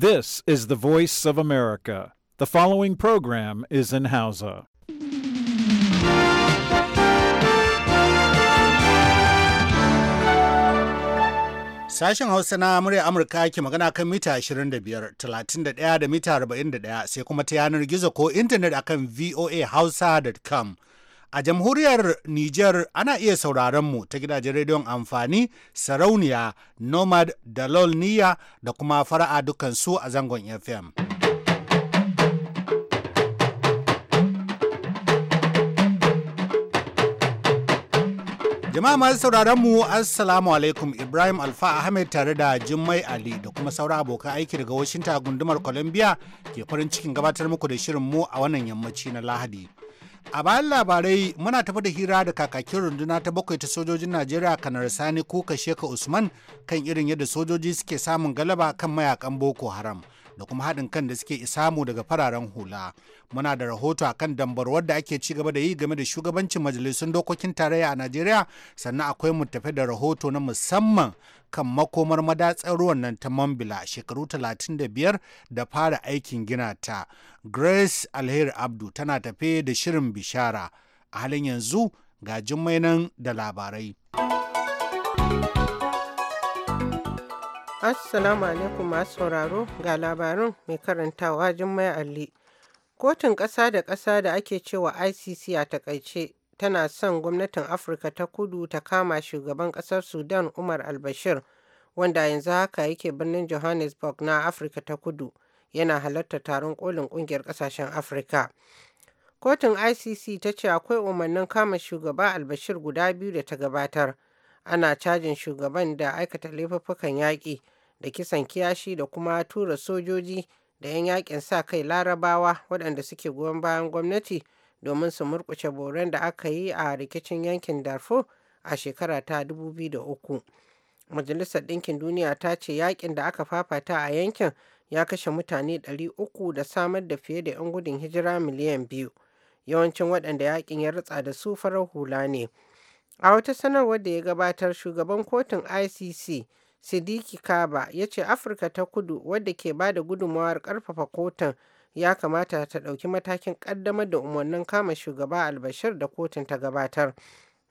This is the voice of America. The following program is in Hausa. Sashen Hausa na murya Amurka ke magana kan mita 25, 31 da mita 41 sai kuma ta yanar gizo ko intanet akan voahausa.com. A jamhuriyar Nijar ana iya sauraron mu ta gidajen rediyon amfani sarauniya Nomad da Lolniya da kuma fara'a dukansu a zangon FM. Jama'a masu sauraron mu Assalamu alaikum Ibrahim Alfa Ahmed tare da Jummai Ali da kuma sauran abokan aiki daga Washington gundumar Columbia ke farin cikin gabatar muku da shirin mu a wannan yammaci na Lahadi. A bayan labarai muna tafi da hira da kakakin runduna ta bakwai ta sojojin Najeriya kanar Sani ko Sheka Usman kan irin yadda sojoji suke samun galaba kan mayakan Boko Haram. da kuma haɗin kan da suke samu daga fararen hula muna da rahoto a kan dambarwar da ake ci gaba da yi game da shugabancin majalisun dokokin tarayya a najeriya sannan akwai mu tafi da rahoto na musamman kan makomar madatsar ruwan nan ta mambila shekaru 35 da fara aikin gina ta grace alheri abdu tana tafe da shirin bishara a halin yanzu ga nan da labarai. Assalamu alaikum masu sauraro ga labarin mai karantawa Jummai Alli. Kotun ƙasa da ƙasa da ake cewa ICC a takaice tana son gwamnatin Afirka ta kudu ta kama shugaban ƙasar Sudan Umar al-Bashir wanda yanzu haka yake birnin Johannesburg na Afirka ta kudu yana halarta taron kolin ƙungiyar ƙasashen Afirka. Kotun ICC ta ce akwai umarnin kama shugaba al-Bashir guda biyu da ta gabatar. Ana cajin shugaban da aikata laifuffukan yaƙi. da kisan kiyashi da kuma tura sojoji da 'yan yakin sa kai larabawa waɗanda suke goyon bayan gwamnati domin su murƙushe boren da aka yi a rikicin yankin darfur a shekara ta 2003 majalisar ɗinkin duniya ta ce yakin da aka fafata a yankin ya kashe mutane 300 da samar da fiye da 'yan gudun hijira miliyan biyu yawancin waɗanda yakin ya ritsa da su farar hula ne a wata sanarwar da ya gabatar shugaban kotun icc Sidiki Kaba ya ce Afirka ta Kudu wadda ke ba da gudunmawar karfafa kotun ya kamata ta ɗauki matakin ƙaddamar da umarnin kama shugaba albashir da kotun ta gabatar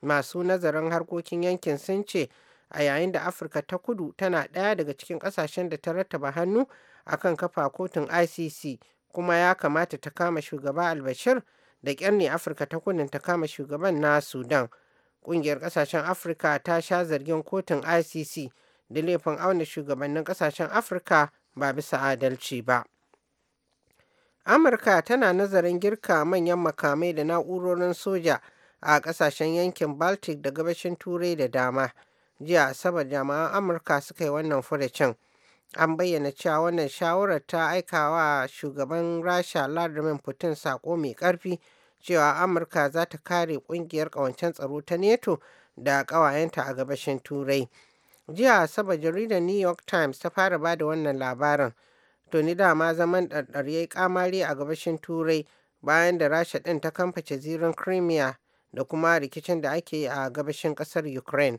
masu nazarin harkokin yankin sun ce a yayin da afirka ta kudu tana ɗaya daga cikin ƙasashen da ta rattaba hannu a kan kafa kotun icc kuma ya kamata ta kama shugaba albashir da ƙyar afirka ta kudu ta kama shugaban na sudan ƙungiyar ƙasashen afirka ta sha zargin kotun icc da laifin auna shugabannin kasashen afirka ba bisa adalci ba amurka tana nazarin girka manyan makamai da na'urorin soja a kasashen yankin baltic da gabashin turai da dama jiya asabar jama'an amurka suka yi wannan furucin an bayyana cewa wannan shawarar ta aika wa shugaban rasha ladarmin putin sako mai karfi cewa amurka za ta kare kungiyar kawancen tsaro ta neto da kawayenta a gabashin turai jiya asabar jaridar new york times ta fara ba da wannan labarin to ni dama zaman ɗarɗar ya yi kamari a gabashin turai bayan da rasha ɗin ta kamface zirin crimea da kuma rikicin da ake yi a gabashin ƙasar ukraine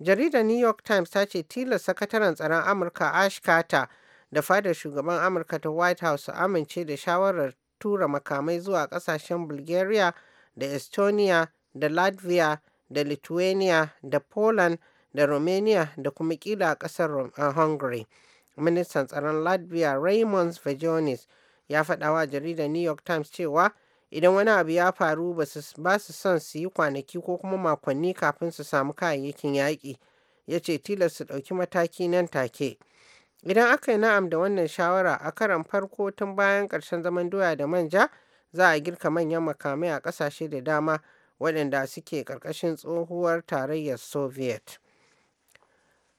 jaridar new york times ta ce tilas sakataren tsaron amurka ash carter da fadar shugaban amurka ta white house su amince da shawarar tura makamai zuwa ƙasashen bulgaria da estonia da latvia da lithuania da poland da romania da kuma kila kasar hungary ministan tsaron latvia raymond vajonis ya faɗa wa jaridar new york times cewa idan wani abu ya faru ba su son su yi kwanaki ko kuma makonni kafin su samu kayayyakin yaƙi ya ce tilas su ɗauki mataki nan take idan aka yi na'am da wannan shawara a karan farko tun bayan ƙarshen zaman doya da manja za a girka manyan makamai a ƙasashe da dama waɗanda suke ƙarƙashin tsohuwar tarayyar soviet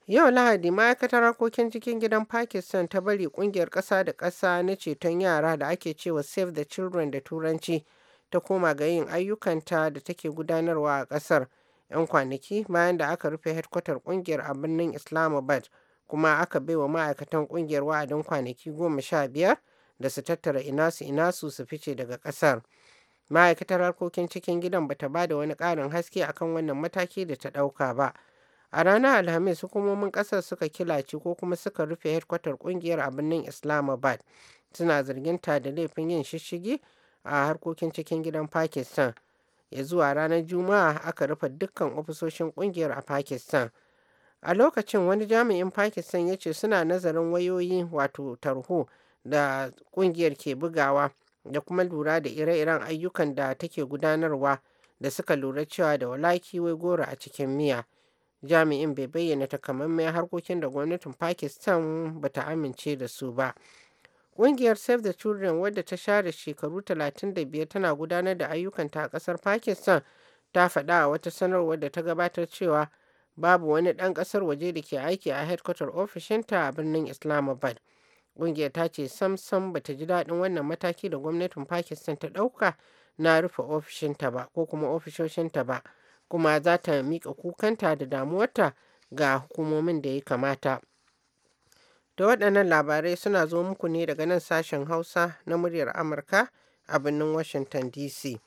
Yau Lahadi ma'aikatar harkokin cikin gidan Pakistan ta bari kungiyar ƙasa da ƙasa na ceton yara da ake cewa Save the Children da Turanci ta koma ga yin ayyukanta da take gudanarwa a ƙasar 'yan kwanaki bayan da aka rufe hedkwatar kungiyar a birnin Islamabad kuma aka baiwa ma'aikatan kungiyar wa'adin kwanaki goma sha biyar da su tattara inasu inasu su fice daga ƙasar. Ma'aikatar harkokin cikin gidan bata ba da wani ƙarin haske akan wannan mataki da ta ɗauka ba. A ranar Alhamis, hukumomin ƙasar suka kilaci ko kuma suka rufe hedkwatar kungiyar a birnin Islamabad. Suna zargin ta da laifin yin shishigi a harkokin cikin gidan Pakistan. Ya zuwa ranar Juma'a aka rufe dukkan ofisoshin kungiyar a Pakistan. A lokacin wani jami'in Pakistan ya ce suna nazarin wayoyi wato tarho da kungiyar ke bugawa da kuma lura da ire-iren ayyukan da take gudanarwa da suka lura cewa da walaki wai goro a cikin miya. jami'in bai bayyana takamaiman harkokin da gwamnatin pakistan bata amince da su ba Ƙungiyar Save the Children wadda ta share shekaru 35 tana gudanar da ayyukanta a ƙasar Pakistan ta faɗa a wata sanarwar da ta gabatar cewa babu wani ɗan ƙasar waje da ke aiki a headquarter ofishinta a birnin Islamabad. Ƙungiyar ta ce samsam ta ji daɗin wannan mataki da gwamnatin Pakistan ta ɗauka na rufe ofishinta ba ko kuma ofishoshinta ba kuma za ta miƙa kukanta da damuwarta ga hukumomin da ya kamata. Da waɗannan labarai suna zo muku ne daga nan sashen Hausa na muryar Amurka a birnin Washington DC.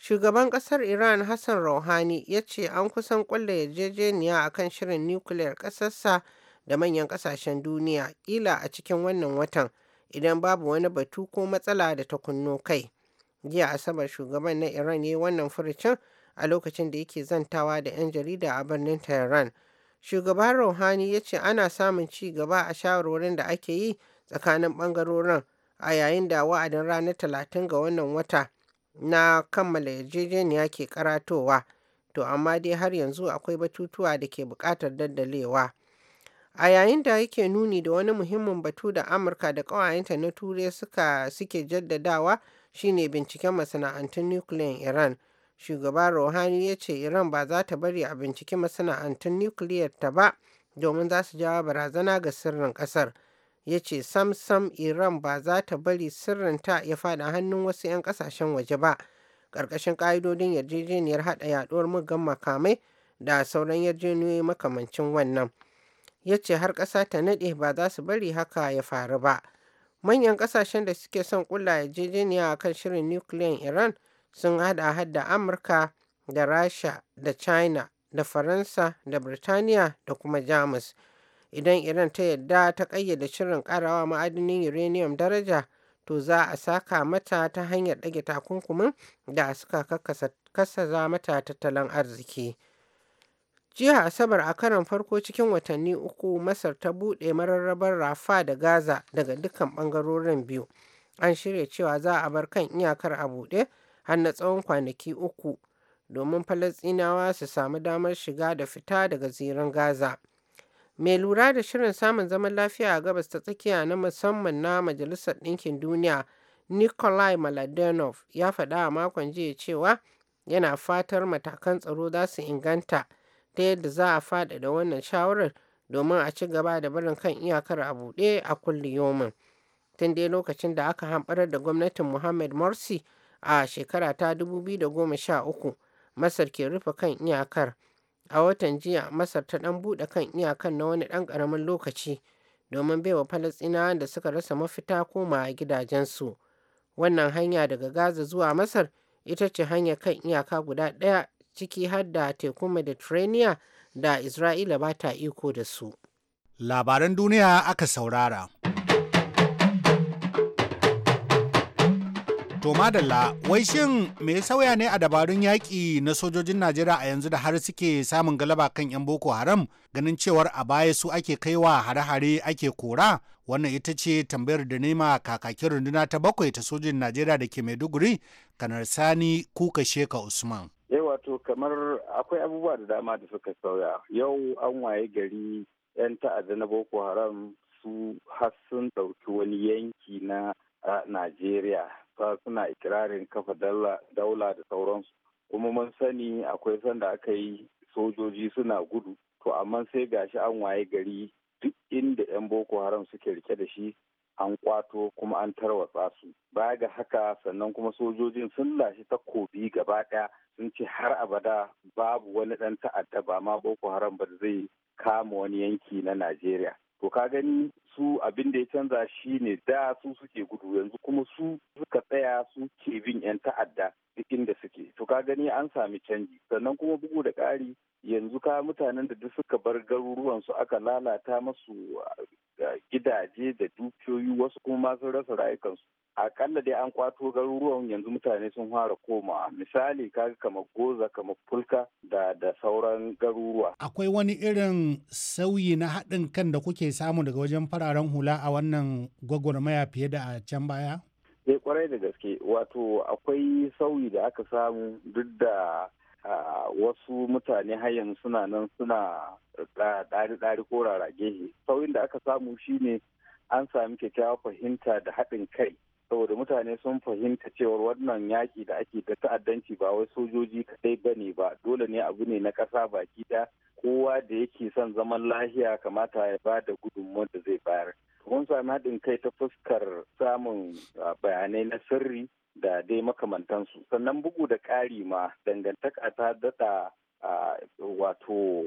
Shugaban ƙasar Iran Hassan Rouhani ya ce an kusan ƙulla yarjejeniya a kan shirin nukiliyar ƙasarsa da manyan ƙasashen duniya ƙila a cikin wannan watan idan babu wani batu ko matsala da ta kunno kai. Jiya Asabar shugaban na Iran ya yi wannan furucin a lokacin da yake zantawa da 'yan jarida a birnin Tehran. Shugaban Rouhani ya ce ana samun ci gaba a shawarwarin da ake yi tsakanin bangarorin. a yayin da wa'adin ranar talatin ga wannan wata na kammala yarjejeniya ke karatowa. To amma dai har yanzu akwai batutuwa da ke bukatar daddalewa. a yayin da yake nuni da wani muhimmin batu da amurka da ƙawayenta na turai suke jaddadawa shine binciken masana'antun nukiliyan iran shugaba Rouhani ya ce Iran ba za ta bari a binciki masana'antun nukiliyar ta ba domin za su jawo barazana ga sirrin ƙasar. Ya ce sam sam Iran ba za ta bari ta ya fada hannun wasu 'yan kasashen waje ba. Ƙarƙashin ƙa'idodin yarjejeniyar haɗa yaɗuwar muggan makamai da sauran yarjejeniyoyi makamancin wannan. Ya ce har ƙasa ta naɗe ba za su bari haka ya faru ba. Manyan ƙasashen da suke son ƙulla yarjejeniya a kan shirin nukiliyan Iran sun hada hadda amurka da rasha da china da faransa da birtaniya da kuma jamus idan iran ta yadda ta ƙayyade shirin karawa ma'adinin uranium daraja to za a saka mata ta hanyar ɗage takunkumin da suka kakkasa mata tattalin arziki jiya asabar a karon farko cikin watanni uku masar ta buɗe mararrabar rafa da gaza daga dukkan ɓangarorin biyu an shirya cewa za a bar kan iyakar a buɗe har na tsawon kwanaki uku domin falasɗinawa su samu damar shiga da fita daga zirin gaza mai lura da shirin samun zaman lafiya a gabas ta tsakiya na musamman na majalisar ɗinkin duniya nikolai maladenov ya faɗa a makon jiya cewa yana fatar matakan tsaro za su inganta ta yadda za a faɗaɗa wannan shawarar domin a ci gaba da barin kan iyakar a buɗe a kulli yomin tun dai lokacin da aka hamɓarar da gwamnatin muhammad morsi a shekara ta 2013 masar ke rufe kan iyakar a watan jiya masar ta dan bude kan iyakan na wani dan karamin lokaci domin baiwa falastinawa da suka rasa mafita koma gidajensu wannan hanya daga gaza zuwa masar ita ce hanya kan iyaka guda ɗaya ciki har da tekun Mediterranea da isra'ila ba ta iko da su labaran duniya aka saurara To madalla, wai shin me sauya ne a dabarun yaƙi na sojojin Najeriya a yanzu da har suke samun galaba kan 'yan Boko Haram ganin cewar a baya su ake kaiwa hare-hare ake kora? Wannan ita ce tambayar da nema kakakin runduna ta bakwai ta sojin Najeriya da ke Maiduguri, kanar Sani Kuka Sheka Usman. Yawa eh, wato kamar akwai abubuwa da dama da suka sauya. Yau an waye gari 'yan ta'adda na Boko Haram su har sun ɗauki wani yanki na Najeriya fa suna ikirarin kafa daula da sauransu kuma mun sani akwai sanda aka yi sojoji suna gudu to amma sai gashi an waye gari duk inda 'yan boko haram suke rike da shi an kwato kuma an tarwatsa su baya ga haka sannan kuma sojojin sun lashe takobi gaba daya sun ce har abada babu wani dan ta'adda ba ma boko haram ba zai kama wani yanki na najeriya to ka gani su abin da ya canza shine da su suke gudu yanzu kuma su suka tsaya su ke bin 'yan ta'adda duk inda suke to ka gani an sami canji sannan kuma bugu da ƙari yanzu ka mutanen da duk suka bar garuruwan su aka lalata masu ah, gidaje da dukiyoyi wasu kuma ma sun rasa rayukansu akalla dai an kwato garuruwan yanzu mutane sun fara koma misali kaga kamar goza kamar fulka da da sauran garuruwa akwai wani irin sauyi na haɗin kan da kuke samu daga wajen fararen hula a wannan gwagwarmaya fiye da a can baya sai eh, kwarai da gaske wato akwai sauyi da aka samu duk da wasu mutane hayan suna nan suna ɗari-ɗari ko rarage sauyin da aka samu shine an sami kyakkyawar fahimta da haɗin kai saboda mutane sun fahimta cewar wannan yaƙi da ake da ta'addanci ba wai sojoji kaɗai ba ne ba dole ne abu ne na ƙasa baki ɗaya kowa da yake son zaman lahiya kamata ya ba da gudunmuwar da zai bayar mun sami haɗin kai ta fuskar samun ah, bayanai na sirri da dai makamantansu sannan bugu da ƙari ma dangantaka ta daɗa ah, wato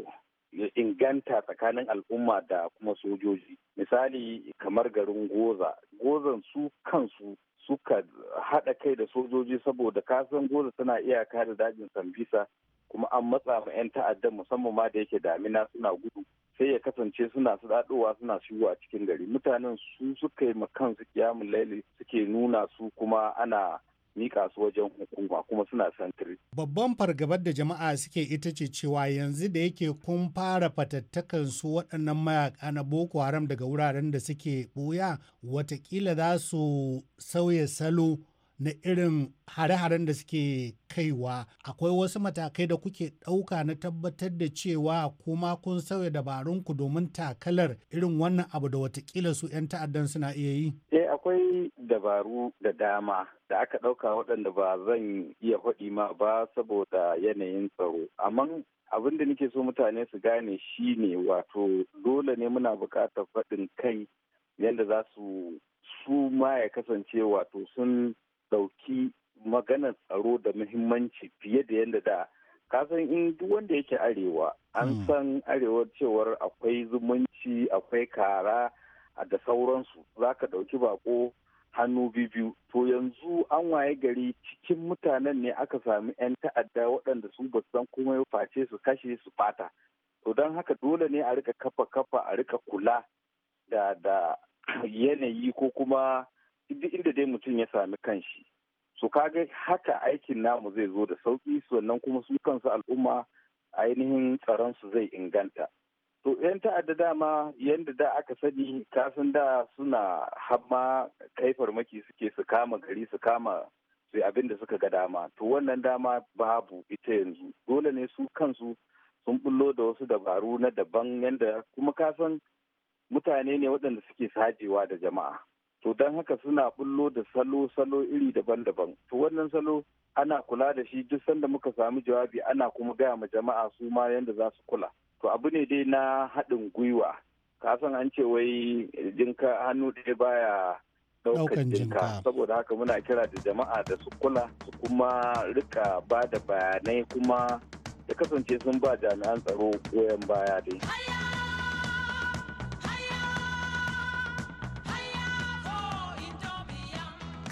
inganta tsakanin al'umma da kuma sojoji misali kamar garin goza gozan su kansu suka haɗa kai da sojoji saboda kasan goza tana iyaka da dajin sambisa kuma an matsa ma 'yan ta'addan musamman ma da yake damina suna gudu sai ya kasance suna su daɗowa suna shigo a cikin gari mutanen su suka yi su kiyamun laili suke nuna su kuma ana mika su wajen hukuma kuma suna santiri. Babban fargabar da jama'a suke ita ce cewa yanzu da yake kun fara fatattakan su waɗannan mayaka na Boko Haram daga wuraren da suke ɓuya watakila za su sauya salo na irin hare-haren da suke kaiwa akwai wasu matakai da kuke ɗauka na tabbatar da cewa kuma kun sauya ku domin takalar irin wannan abu da watakila su 'yan ta'addan suna iya yi? Eh akwai dabaru da dama da aka ɗauka waɗanda ba zan iya haɗi ma ba saboda yanayin tsaro amma abin da nake so mutane su gane shi ne wato dole ne muna buƙatar faɗin kai yadda za su su ma ya kasance wato sun ɗauki maganar tsaro da muhimmanci fiye da yadda da kasan in duk wanda yake arewa an hmm. san arewa cewar akwai zumunci akwai kara da sauransu za ka ɗauki bako hannu biyu to yanzu an waye gari cikin mutanen ne aka sami 'yan ta'adda waɗanda su ba san kuma ya face su kashe su fata to don haka dole ne a rika kafa kafa a rika kula da yanayi ko kuma duk inda dai mutum ya sami kanshi so kaga haka aikin namu zai zo da sauki sannan kuma su kansu al'umma ainihin tsaron su zai inganta to yan ta'adda dama yadda da aka sani kasan da suna hamma kai farmaki suke su kama gari su kama su abin da suka ga dama to wannan dama babu ita yanzu dole ne su kansu sun bullo da wasu dabaru na daban yadda kuma kasan mutane ne waɗanda suke sajewa da jama'a to don haka suna bullo da salo-salo iri daban-daban to wannan salo ana kula da shi duk sanda muka samu jawabi ana kuma gaya ma jama'a su ma yadda za su kula to abu ne dai na haɗin gwiwa ka san an ce wai jinka hannu ɗaya baya ɗaukan jinka saboda haka muna kira da jama'a da su kula su kuma rika ba da bayanai kuma da kasance sun ba jami'an tsaro goyon baya dai.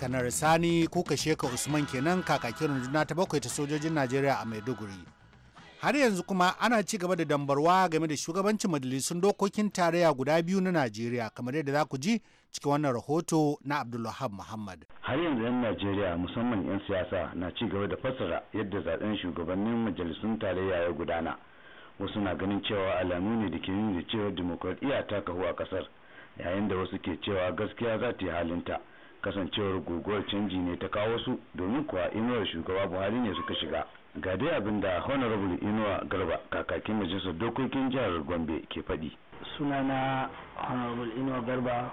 kanar sani kuka sheka usman kenan kakakin runduna ta bakwai ta sojojin najeriya a maiduguri har yanzu kuma ana ci gaba da dambarwa game da shugabancin majalisun dokokin tarayya guda biyu na najeriya kamar yadda za ku ji cikin wannan rahoto na abdulwahab muhammad har yanzu 'yan najeriya musamman 'yan siyasa na ci gaba da fassara yadda zaɓen shugabannin majalisun tarayya ya gudana wasu na ganin cewa alamu ne da ke nuna cewa dimokuraɗiyya ta kahu a ƙasar yayin da wasu ke cewa gaskiya za ta yi halinta kasancewar guguwar canji ne ta kawo su domin kuwa inuwar shugaba buhari ne suka shiga ga dai abin da honorable inuwa garba kakakin majalisar dokokin jihar gombe ke faɗi sunana honorable inuwa garba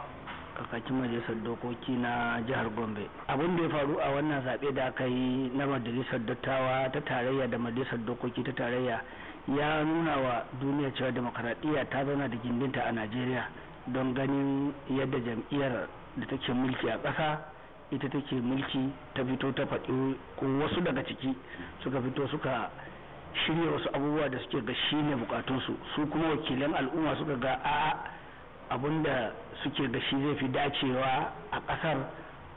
kakakin majalisar dokoki na jihar gombe abin da ya faru a wannan zaɓe da aka yi na majalisar dattawa ta tarayya da majalisar dokoki ta tarayya ya nuna wa duniya cewa demokaradiyya ta zauna da gindinta a najeriya don ganin yadda jam'iyyar da take mulki a ƙasa ita take mulki ta fito ta faɗi ko wasu daga ciki suka fito suka shirya wasu abubuwa da suke ga shi ne bukatunsu su kuma wakilan al'umma suka ga a abun da suke ga shi zai fi dacewa a ƙasar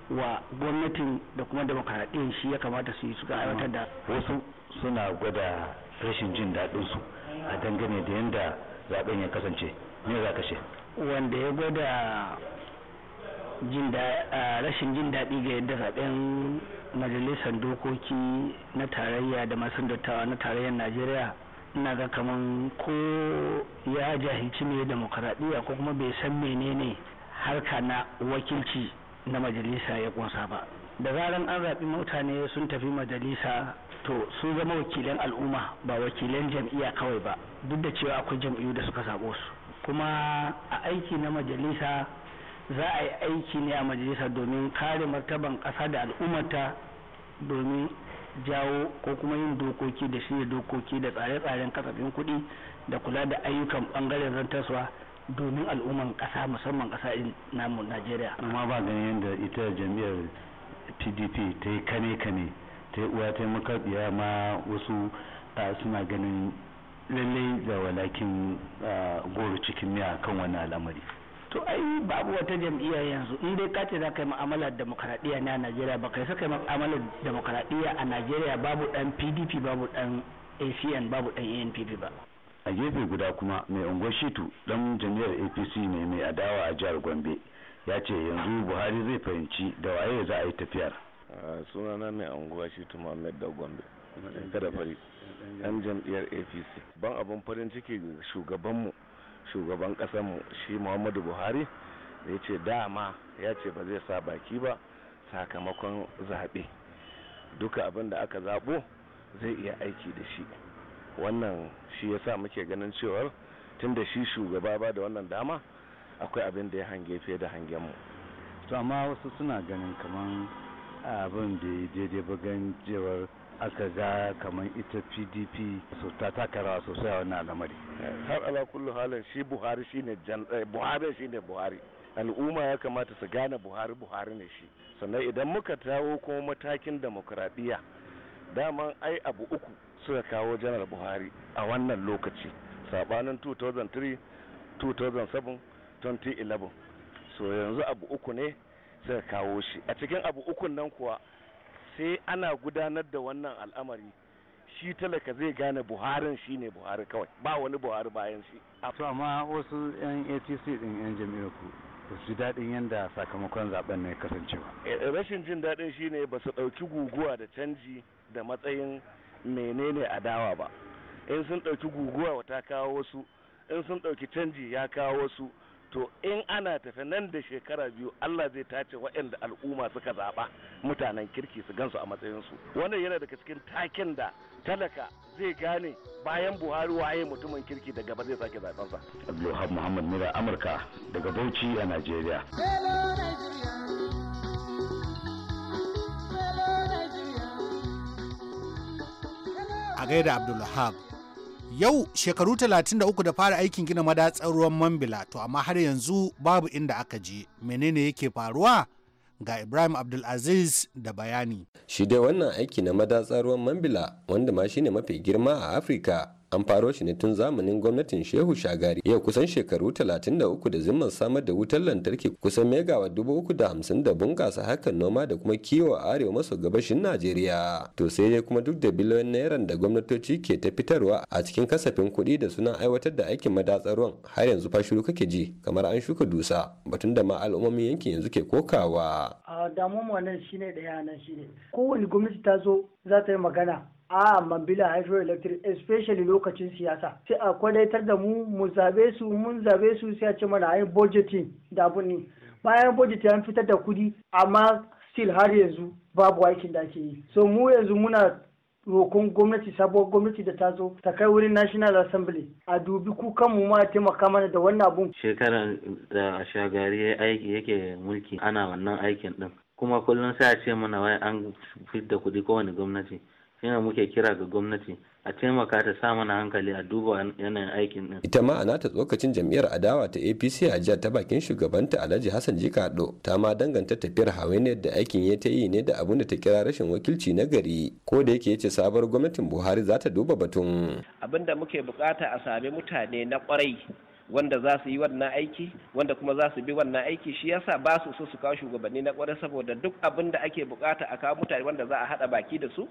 wa gwamnatin da kuma demokaradiyyar shi ya kamata su yi suka aiwatar da wasu suna gwada rashin jin daɗinsu a dangane da yadda zaben ya kasance ne za ka ce wanda ya gwada rashin jin daɗi ga yadda zaɓen majalisar dokoki na tarayya da masu dattawa na tarayyar najeriya ina ga kaman ko ya jahilci mai demokaradiyya ko kuma bai san menene harka na wakilci na majalisa ya kunsa ba da zaran an zaɓi mutane sun tafi majalisa to su zama wakilan al'umma ba wakilan jam'iyya kawai ba duk da cewa akwai jam'iyyu da suka sabo su kuma a aiki na majalisa za a yi aiki ne a majalisa domin kare martaban ƙasa da al'ummata domin jawo ko kuma yin dokoki da shirya dokoki da tsare-tsaren kasafin kuɗi da kula da ayyukan bangaren rantaswa domin al'umman ƙasa musamman ƙasa namu najeriya amma ba ganin yadda ita jami'ar pdp ta yi kane-kane ta yi uwa ta makaɗiya ma wasu suna ganin lallai da walakin goro cikin miya kan wani al'amari to ai babu wata jam'iyya yanzu in dai kace za ka yi mu'amalar demokradiyya ne a Najeriya ba kai saka da demokradiya a Najeriya babu dan PDP babu dan ACN babu dan ANPP ba a gefe guda kuma mai ungoshitu dan jami'ar APC ne mai adawa a jihar Gombe ya ce yanzu Buhari zai fahimci da waye za a yi tafiyar sunana mai ungwashitu Muhammad da Gombe kada fari dan jam'iyyar APC ban abun farin ciki shugabanmu shugaban mu shi muhammadu buhari da ya ce dama ya ce ba zai sa baki ba sakamakon zaɓe duka abin da aka zaɓo zai iya aiki da shi wannan shi ya sa muke ganin cewar tun da shi shugaba ba da wannan dama akwai abin da ya hange fiye da mu. to amma wasu suna ganin kamar abin da daidai ba cewar aka ga kamar ita pdp su ta taka rawa sosai a wannan al'amari har ala kullu halin shi buhari shi ne eh, buhari shi ne buhari al'umma ya kamata su gane buhari buhari ne shi sannan idan muka tawo kuma matakin demokradiyya daman ai abu uku suka kawo janar buhari a wannan lokaci sabanin 2003 2007 2011 so yanzu abu uku ne suka kawo shi a cikin abu ukun nan kuwa sai ana gudanar da wannan al'amari shi talaka zai gane buharin shi ne buhari kawai ba wani buhari bayan shi to amma wasu yan atc din yan jami'ar ku ba su daɗin yadda sakamakon zaben ne kasance eh, rashin jin daɗin shi ne ba su ɗauki guguwa da canji da matsayin menene adawa ba in sun ɗauki guguwa ta kawo wasu in sun ɗauki canji ya kawo wasu to in ana tafi nan da shekara biyu Allah zai tace waɗanda al'umma suka zaɓa mutanen kirki su gansu a matsayinsu wannan yana daga cikin takin da talaka zai gane bayan buhari waye mutumin kirki da gaba zai sake zaɓensa. abdulhab muhammad mira amurka daga bauchi a nigeria a gaida abdulhab Yau shekaru 33 da fara aikin gina madatsar ruwan Mambila to amma har yanzu babu inda aka je. Menene yake faruwa? Ga Ibrahim Abdulaziz da bayani. Shi dai wannan aiki na madatsar ruwan Mambila wanda ma shine mafi girma a Afirka an faro shi ne tun zamanin gwamnatin shehu shagari yau kusan shekaru 33 da zimman samar da wutar lantarki kusan megawa dubu uku da hamsin da bunkasa hakan noma da kuma kiwo a arewa maso gabashin najeriya to sai dai kuma duk da biliyoyin naira da gwamnatoci ke ta fitarwa a cikin kasafin kuɗi da sunan aiwatar da aikin madatsaruwan har yanzu fa shiru kake ji kamar an shuka dusa batun da ma al'ummomin yankin yanzu ke kokawa. damuwa nan shine da nan shine kowane gwamnati ta zo za ta yi magana a mambila hydro electric especially lokacin siyasa sai a kwadaitar da mu mu zabe su mun zabe su sai a ce mana ayi budgeting da abun bayan budget an fitar da kudi amma still har yanzu babu aikin da ake yi so mu yanzu muna rokon gwamnati sabuwar gwamnati da ta zo ta kai wurin national assembly a dubi mu ma taimaka mana da wannan abun shekarar da shagari aiki yake mulki ana wannan aikin din kuma kullum sai a ce mana wai an fitar da kuɗi kowane gwamnati shine muke kira ga gwamnati a taimaka ta sa mana hankali a duba yanayin aikin din ita ma ana ta tsokacin jam'iyyar adawa ta APC a jihar ta bakin shugabanta Alhaji Hassan Jikado ta ma danganta tafiyar hawainiyar da aikin ya ta yi ne da abun da ta kira rashin wakilci na gari ko da yake yace sabuwar gwamnatin Buhari za ta duba batun abinda muke bukata a sami mutane na kwarai wanda za su yi wannan aiki wanda kuma za su bi wannan aiki shi yasa ba su so su kawo shugabanni na kwarai saboda duk abin da ake bukata a kawo mutane wanda za a hada baki da su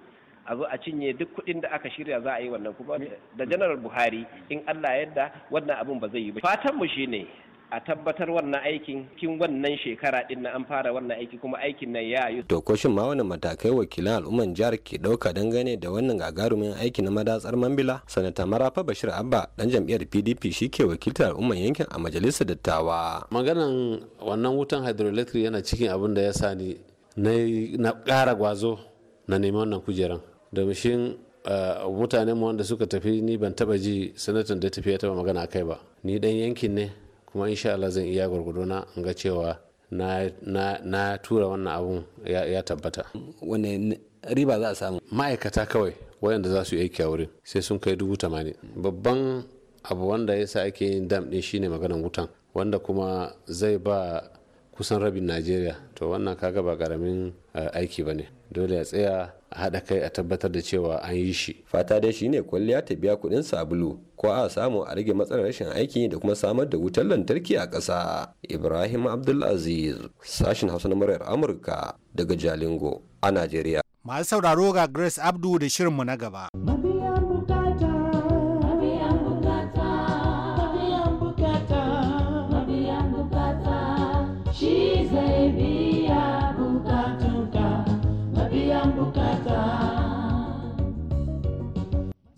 a zo a cinye duk kuɗin da aka shirya za a yi wannan kuma da janar buhari in allah yadda wannan abin ba zai yi ba fatan mu ne a tabbatar wannan aikin kin wannan shekara din na an fara wannan aiki kuma aikin nan ya yi. To ko shin ma wani matakai wakilan al'umman jihar ke ɗauka dangane da wannan gagarumin aiki na madatsar Mambila? Sanata Marafa Bashir Abba dan jam'iyyar PDP shi ke wakiltar al'umman yankin a majalisar dattawa. Maganan wannan wutan hydroelectric yana cikin abin da ya sani na kara gwazo na neman wannan kujeran. domin eh, mutanen mu wanda suka tafi ni ban taba ji sanatan da tafiya taba magana kai ba ni dan yankin ne kuma insha Allah zan iya gwargwado na in ga cewa na tura wannan abun ya tabbata wane riba za a samu ma'aikata kawai wayanda za su aiki a wurin sai sun kai dubu tamanin babban abu wanda ya sa ake yin dam ɗin shine maganan wutan wanda kuma zai ba kusan rabin najeriya to wannan kaga ba karamin eh, aiki ba ne dole ya tsaya a haɗa kai a tabbatar da cewa an yi shi fata dai ne kwalliya ta biya kuɗin sabulu ko a samu a rage matsalar rashin aiki da kuma samar da wutar lantarki a ƙasa ibrahim abdulaziz sashin hausa na muryar amurka daga jalingo a najeriya masu sauraro ga grace abdu da shirinmu na gaba.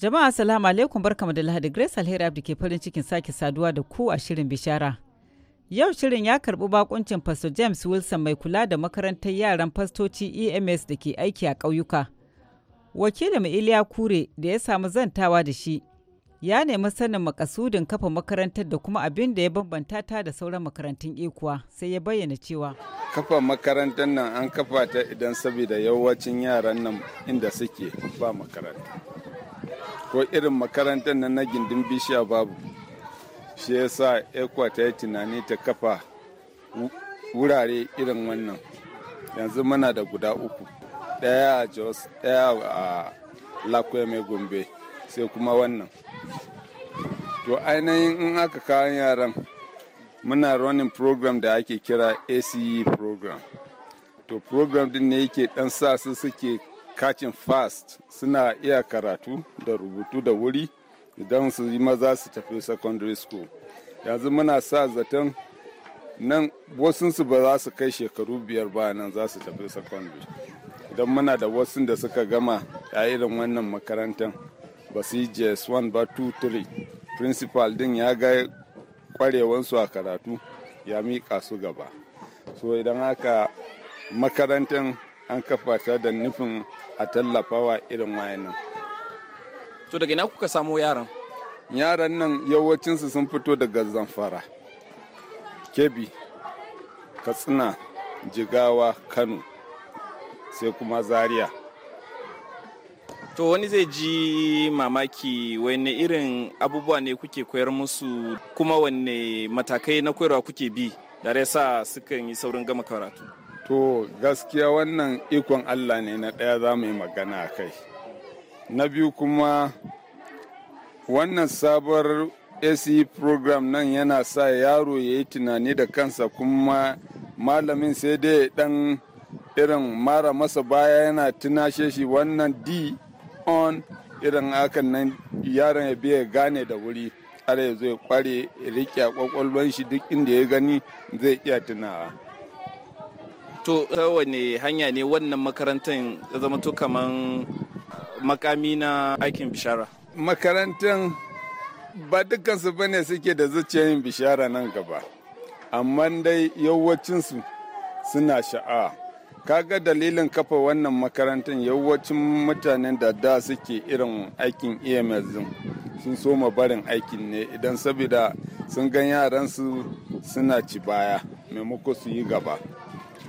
Jama'a salamu alaikum barkamu da Lahadi Grace Alheri Abdi ke farin cikin sake saduwa da ku a shirin bishara. Yau shirin ya karbi bakuncin Pastor James Wilson mai kula da makarantar yaran fastoci EMS da ke aiki a ƙauyuka. Wakilin Iliya Kure da ya samu zantawa da shi ya nemi sanin makasudin kafa makarantar da kuma abin da ya bambanta ta da sauran makarantun ekuwa sai ya bayyana cewa kafa makarantar nan an kafa ta idan saboda yawancin yaran nan inda suke ba makaranta ko irin makarantar nan na gindin bishiya babu shi yasa ekwa ta yi tunani ta kafa wurare irin wannan yanzu muna da guda uku ɗaya a jos ɗaya a lakwai mai gombe sai kuma wannan to ainihin in aka kawo yaran muna running program da ake kira ace program to program din ne yake dan sa su suke kacin fast suna iya karatu da rubutu da wuri idan su yi maza su tafi secondary school yanzu muna sa zaton nan wasunsu ba za su kai shekaru biyar ba nan za su tafi secondary idan muna da wasu da suka gama a irin wannan makarantar ba su yi js1 ba 2-3 principal din ya ga kwarewansu a karatu ya miƙa su gaba so idan haka makarantar an kafa ta da nufin a tallafawa irin wayannan to daga ina kuka samo yaran yaran nan yawancinsu sun fito daga zamfara kebi katsina jigawa kano sai kuma zaria to wani zai ji mamaki wanne irin abubuwa ne kuke koyar musu kuma wanne matakai na koyarwa kuke bi da sa sukan yi saurin gama karatu to gaskiya wannan ikon allah ne na ɗaya za mu yi magana a kai na biyu kuma wannan sabuwar ac program nan yana sa yaro ya yi tunani da kansa kuma malamin sai dai ɗan irin mara masa baya yana tunashe shi wannan d on irin hakan nan yaron ya biya gane da wuri har ya kware rike riƙe a kwakwalwan shi duk inda ya gani zai iya tunawa to ta wane hanya ne wannan makarantar ya zama to kaman makami na aikin bishara makarantar ba dukansu ba ne suke da zuciyar yin bishara nan gaba amma dai yawancinsu suna sha'a kaga dalilin kafa wannan makarantar yawancin mutanen da da suke irin aikin ems din sun soma barin aikin ne idan saboda sun gan yaransu suna ci baya maimako su yi gaba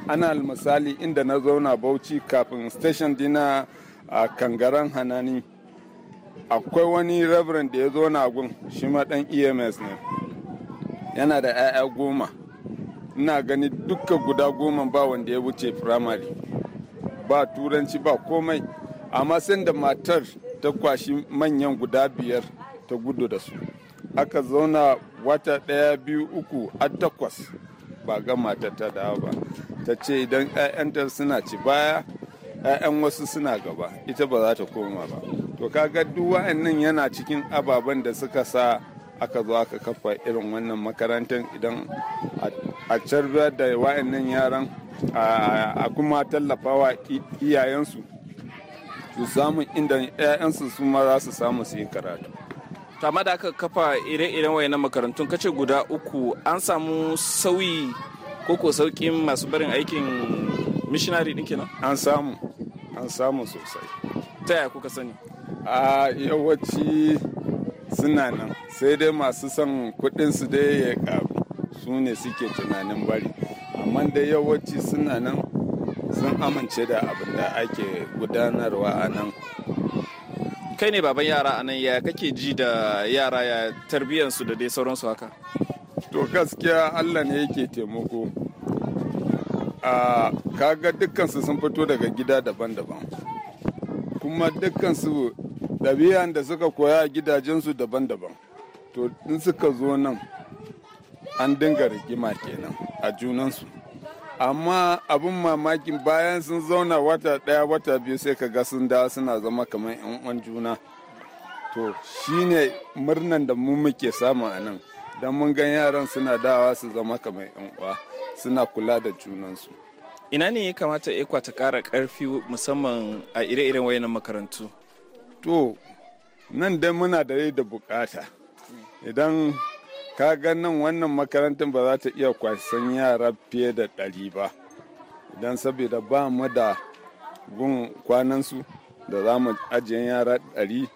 ana misali inda na zauna bauchi kafin station dina a kangaren hanani akwai wani reverend da ya zo na gun shi dan ems ne yana da 'ya'ya goma ina gani duka guda goma ba wanda ya wuce firamare ba turanci ba komai amma sai da matar ta kwashi manyan guda biyar ta gudu da su aka zauna wata ɗaya biyu uku a takwas ba ga matar ta dawa ba ta ce idan 'ya'yanta suna ci baya 'ya'yan wasu suna gaba ita ba za ta koma ba to kaga duk wa'annan yana cikin ababen da suka sa aka zo aka kafa irin wannan makarantar idan a carbiyar da wa'annan yaran a kuma tallafawa iyayensu su samu inda 'ya'yansu su ma za su samu su yi karatu tama da aka kafa ire-iren wayannan makarantun kace guda uku an samu sauyi ko ko sauƙin masu barin aikin missionary ɗin kenan an samu an samu sosai ta yaya kuka sani a yawanci suna nan sai dai masu son kuɗin su dai ya ƙaru su ne suke tunanin bari amma dai yawanci suna nan sun amince da abin da ake gudanarwa a nan kai ne baban yara a nan ya kake ji da yara ya tarbiyyansu da dai sauransu haka to gaskiya allah ne yake taimako a kaga dukkansu sun fito daga gida daban-daban kuma dukkansu ɗabi'a da suka koya a gidajensu daban-daban to in suka zo nan an dinga rigima kenan a junansu amma abin mamakin bayan sun zauna wata ɗaya wata biyu sai ka ga sun da suna zama kamar 'yan uwan juna to shine murnan da mu muke samu a nan don mun gan yaran suna dawa su zama kamar yan uwa suna kula da junansu ina ne ya kamata ekwa ta kara karfi musamman a ire-iren wayanan makarantu to nan dai muna da rai da bukata idan ka ga nan wannan makarantun ba za ta iya kwasan yara fiye da ɗari ba idan saboda ba mu da gun kwanansu da za mu ajiye yara ɗari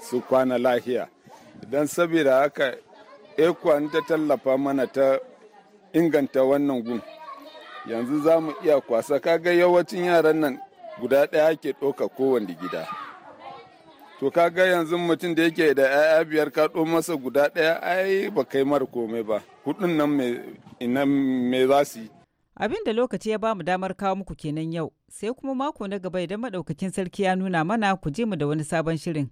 su kwana lahiya idan saboda haka ekwan ta tallafa mana ta inganta wannan gun yanzu za mu iya kwasa kaga yawancin yaran nan guda ɗaya ake ɗauka kowanne gida to kaga yanzu mutum da yake da 'ya'ya biyar ka masa guda ɗaya ai ba kai mara komai ba hudun nan ina me za su yi abin da lokaci ya bamu damar kawo muku kenan yau sai kuma mako na gaba idan madaukakin sarki ya nuna mana ku je mu da wani sabon shirin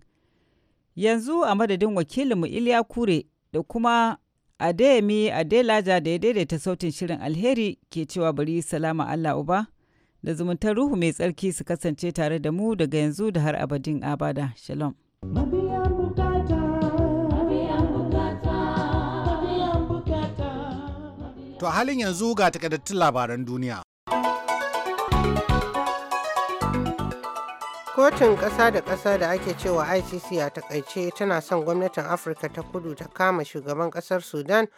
yanzu a madadin wakilinmu iliya kure da kuma Adeyemi Adelaja da ya daidaita sautin shirin alheri ke cewa bari salama Allah Uba da zumuntar Ruhu mai tsarki su kasance tare da mu daga yanzu da har abadin abada. Shalom. To halin yanzu ga takardattun labaran duniya. Kotun ƙasa da ƙasa da ake cewa ICC a takaice tana son gwamnatin Afirka ta kudu ta kama shugaban ƙasar Sudan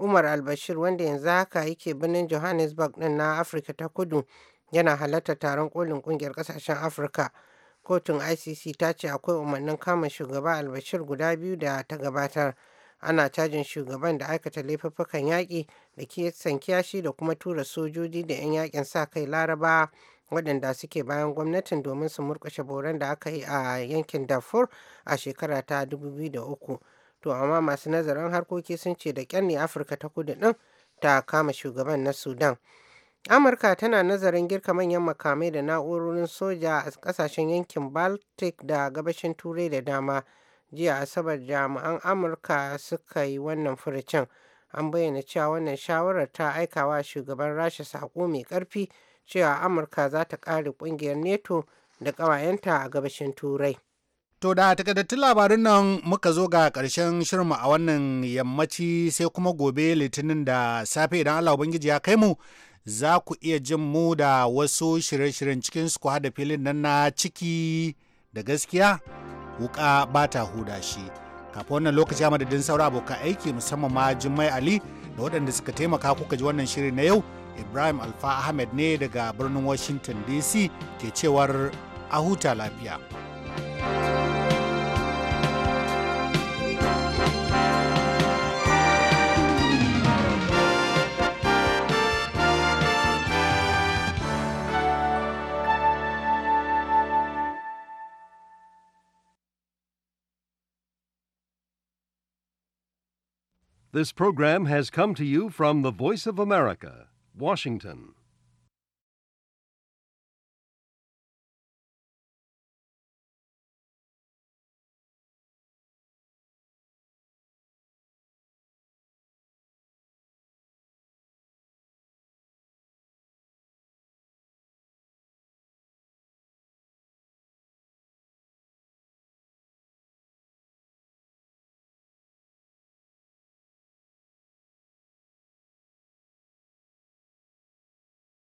Umar albashir wanda yanzu haka yake birnin Johannesburg ɗin na Afirka ta kudu yana halartar taron kolin ƙungiyar ƙasashen Afirka. Kotun ICC ta ce akwai umarnin kama shugaba albashir guda biyu da ta gabatar. Ana cajin shugaban da aikata laifuffukan yaƙi da kisan kiyashi da kuma tura sojoji da 'yan yaƙin sa kai Laraba waɗanda suke bayan gwamnatin domin su murƙushe boran da aka yi a yankin darfur a shekara ta 2003 to amma masu nazarin harkoki sun ce da kyanne ne afirka ta kudu ɗin ta kama shugaban na sudan amurka tana nazarin girka manyan makamai da na'urorin soja a ƙasashen yankin baltic da gabashin turai da dama jiya asabar jami'an amurka suka yi wannan furucin an bayyana cewa wannan shawarar ta aikawa shugaban rasha saƙo mai ƙarfi cewa amurka za ta kare kungiyar neto da kawayenta a gabashin turai To da takaddatun labarin nan muka zo ga ƙarshen shirma a wannan yammaci sai kuma gobe litinin da safe idan Allah Ubangiji ya kai mu za ku iya jin mu da wasu shirye-shiryen cikin su da filin nan na ciki da gaskiya wuka ba ta huda shi. Kafin wannan lokaci madadin sauran abokan aiki musamman ma Jummai Ali da waɗanda suka taimaka kuka ji wannan shirin na yau. Ibrahim Alfa Ahmed ne daga birnin Washington DC ke cewar a huta lafiya. This program has come to you from the Voice of America, Washington.